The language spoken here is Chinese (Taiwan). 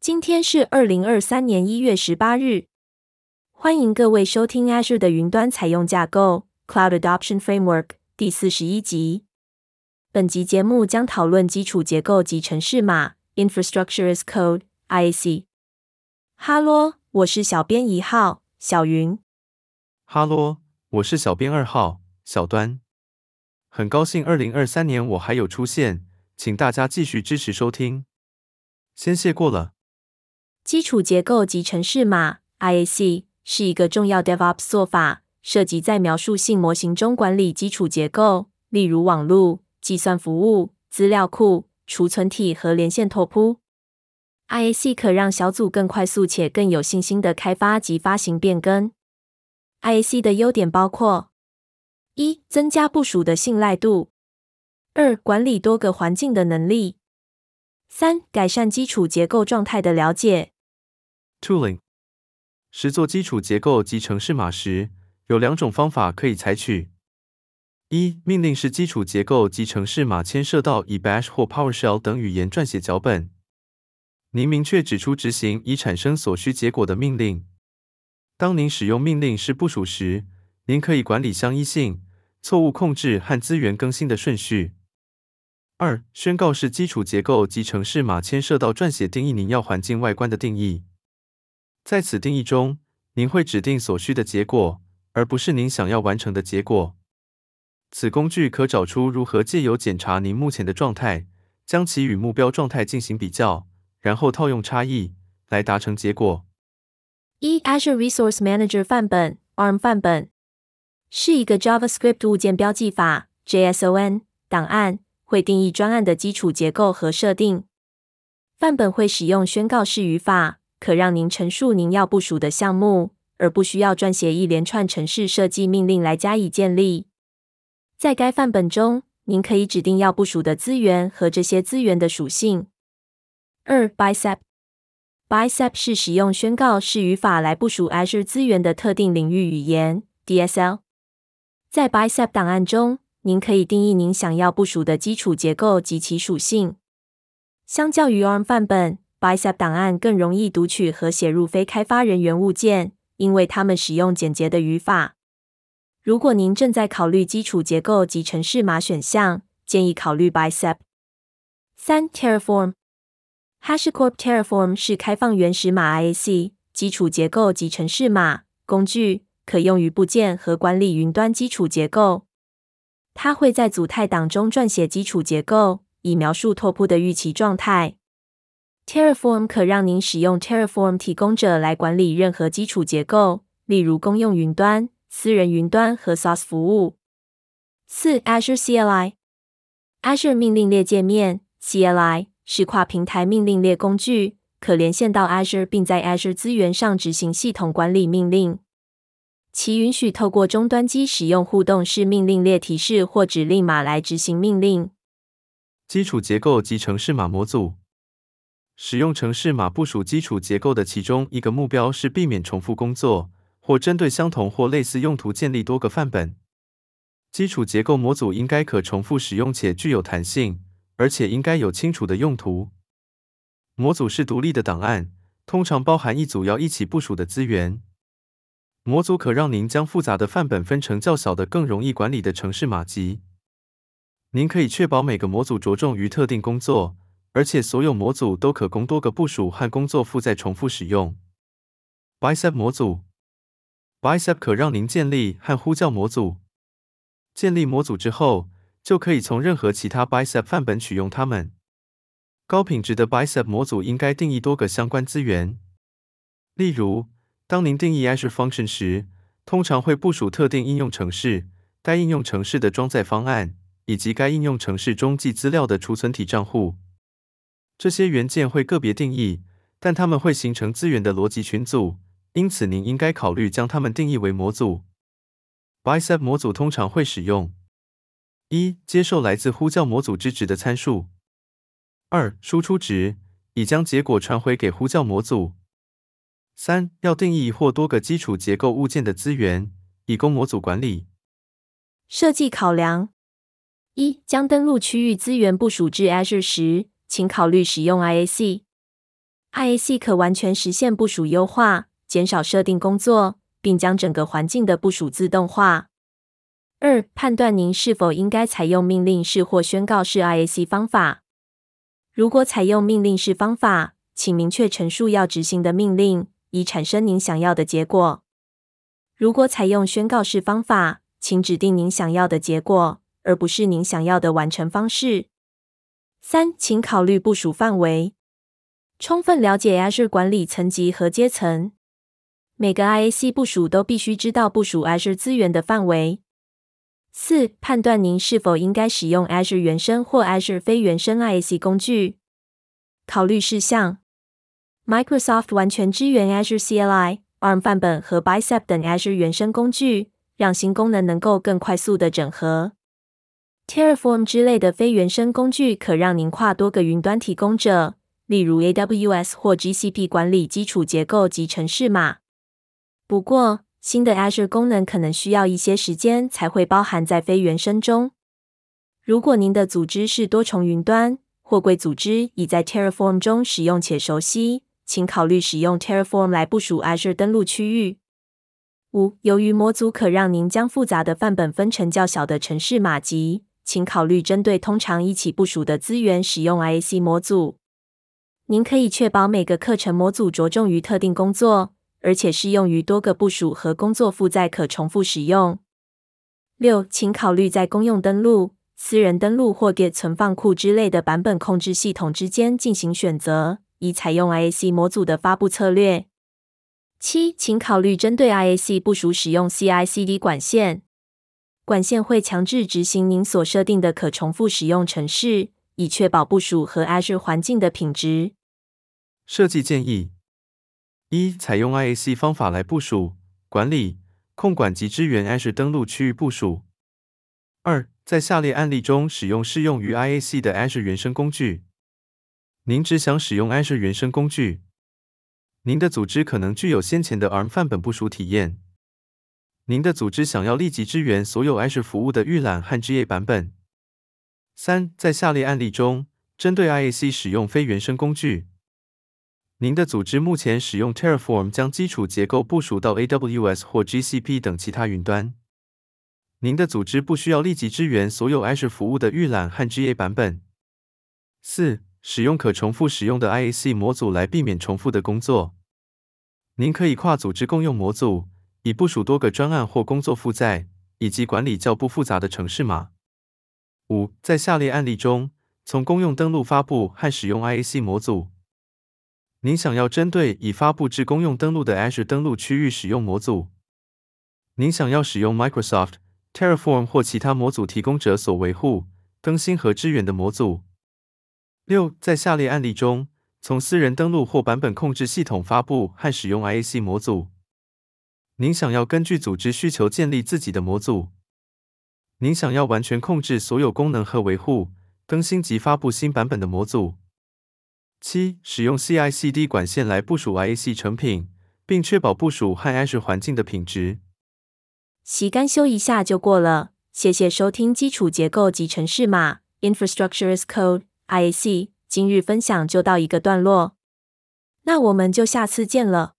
今天是二零二三年一月十八日，歡迎各位收聽 Azure 的雲端採用架構 Cloud Adoption Framework 第四十一集。本集節目將討論基礎結構即程式碼 Infrastructure as Code IAC。哈嘍，我是小編一號小雲。哈嘍，我是小編二號小端。很高興二零二三年我還有出現，請大家繼續支持收聽，先謝過了。基礎結構即程式碼 （IAC） 是一個重要 DevOps 做法，涉及在描述性模型中管理基礎結構，例如網絡、計算服務、資料庫、儲存體和連線拓撲。IAC 可讓小組更快速且更有信心地開發及發行變更。IAC 的優點包括：一、增加部署的信賴度；二、管理多個環境的能力；三、改善基礎結構狀態的了解。Tooling，實做基礎結構及程式碼時，有兩種方法可以採取：一、命令式基礎結構及程式碼牽涉到以 Bash 或 PowerShell 等語言撰寫腳本，您明確指出執行以產生所需結果的命令。當您使用命令式部署時，您可以管理相依性、錯誤控制和資源更新的順序。二、宣告式基礎結構及程式碼牽涉到撰寫定義您要環境外觀的定義。在此定義中，您會指定所需的結果，而不是您想要完成的結果。此工具可找出如何借由檢查您目前的狀態，將其與目標狀態進行比較，然後套用差異來達成結果。一 Azure Resource Manager 範本 （ARM 範本）是一個 JavaScript 物件標記法 （JSON） 檔案，會定義專案的基礎結構和設定。範本會使用宣告式語法。可讓您陳述您要部署的項目，而不需要撰寫一連串程式設計命令來加以建立。在該範本中，您可以指定要部署的資源和這些資源的屬性。二 Bicep，Bicep 是使用宣告式語法來部署 Azure 資源的特定領域語言 （DSL）。在 Bicep 檔案中，您可以定義您想要部署的基礎結構及其屬性。相較於 ARM 範本。Bicep 檔案更容易讀取和寫入非開發人員物件，因為他們使用簡潔的語法。如果您正在考慮基礎結構及程式碼選項，建議考慮 Bicep。三、Terraform。HashiCorp Terraform 是開放原始碼 IAC 基礎結構及程式碼工具，可用於部件和管理雲端基礎結構。它會在組態檔中撰寫基礎結構，以描述拓撲的預期狀態。Terraform 可讓您使用 Terraform 提供者來管理任何基礎結構，例如公用雲端、私人雲端和 SaaS 服務。四 Azure CLI，Azure 命令列界面，CLI 是跨平台命令列工具，可連線到 Azure 並在 Azure 資源上執行系統管理命令。其允許透過終端機使用互動式命令列提示或指令碼來執行命令。基礎結構即程式碼模組。使用程式碼部署基礎結構的其中一個目標是避免重複工作，或針對相同或類似用途建立多個範本。基礎結構模組應該可重複使用且具有彈性，而且應該有清楚的用途。模組是獨立的檔案，通常包含一組要一起部署的資源。模組可讓您將複雜的範本分成較小的、更容易管理的程式碼集。您可以確保每個模組着重於特定工作。而且，所有模組都可供多個部署和工作負載重複使用。Bicep 模組，Bicep 可讓您建立和呼叫模組。建立模組之後，就可以從任何其他 Bicep 範本取用它們。高品質的 Bicep 模組應該定義多個相關資源。例如，當您定義 Azure Function 時，通常會部署特定應用程式、該應用程式的裝載方案以及該應用程式中繼資料的儲存體賬戶。這些元件會個別定義，但它們會形成資源的邏輯群組，因此您應該考慮將它們定義為模組。Bicep 模組通常會使用：一、接受來自呼叫模組之值的參數；二、輸出值，以將結果傳回給呼叫模組；三、要定義或多個基礎結構物件的資源，以供模組管理。設計考量：一、將登陸區域資源部署至 Azure 時。請考慮使用 IAC。IAC 可完全實現部署優化，減少設定工作，並將整個環境的部署自動化。二、判斷您是否應該採用命令式或宣告式 IAC 方法。如果採用命令式方法，請明確陳述要執行的命令，以產生您想要的結果。如果採用宣告式方法，請指定您想要的結果，而不是您想要的完成方式。三，請考慮部署範圍，充分了解 Azure 管理層級和階層。每個 IAC 部署都必須知道部署 Azure 資源的範圍。四，判斷您是否應該使用 Azure 原生或 Azure 非原生 IAC 工具。考慮事項：Microsoft 完全支援 Azure CLI、ARM 範本和 Bicep 等 Azure 原生工具，讓新功能能夠更快速地整合。Terraform 之類的非原生工具可讓您跨多個雲端提供者，例如 AWS 或 GCP 管理基礎結構及程式碼。不過，新的 Azure 功能可能需要一些時間才會包含在非原生中。如果您的組織是多重雲端或貴組織已在 Terraform 中使用且熟悉，請考慮使用 Terraform 來部署 Azure 登陸區域。五，由於模組可讓您將複雜的範本分成較小的程式碼集。請考慮針對通常一起部署的資源使用 IAC 模組。您可以確保每個課程模組着重於特定工作，而且適用於多個部署和工作負載可重複使用。六、請考慮在公用登錄、私人登錄或 Git 存放庫之類的版本控制系統之間進行選擇，以採用 IAC 模組的發布策略。七、請考慮針對 IAC 部署使用 CI/CD 管線。管線會強制執行您所設定的可重複使用程式，以確保部署和 Azure 環境的品質。設計建議：一、採用 IAC 方法來部署、管理、控管及支援 Azure 登錄區域部署。二、在下列案例中使用適用於 IAC 的 Azure 原生工具。您只想使用 Azure 原生工具。您的組織可能具有先前的 ARM 範本部署體驗。您的組織想要立即支援所有 Azure 服務的預覽和 GA 版本。三、在下列案例中，針對 IAC 使用非原生工具。您的組織目前使用 Terraform 將基礎結構部署到 AWS 或 GCP 等其他雲端。您的組織不需要立即支援所有 Azure 服務的預覽和 GA 版本。四、使用可重複使用的 IAC 模組來避免重複的工作。您可以跨組織共用模組。已部署多個專案或工作負載，以及管理較不複雜的程式碼。五、在下列案例中，從公用登錄發布和使用 IAC 模組。您想要針對已發布至公用登錄的 Azure 登錄區域使用模組。您想要使用 Microsoft Terraform 或其他模組提供者所維護、更新和支援的模組。六、在下列案例中，從私人登錄或版本控制系統發布和使用 IAC 模組。您想要根據組織需求建立自己的模組。您想要完全控制所有功能和維護、更新及發布新版本的模組。七、使用 CI/CD 管線來部署 IAC 成品，並確保部署和 Azure 環境的品質。洗乾修一下就過了。謝謝收聽基礎結構即程式碼 Infrastructure as Code IAC。今日分享就到一個段落，那我們就下次見了。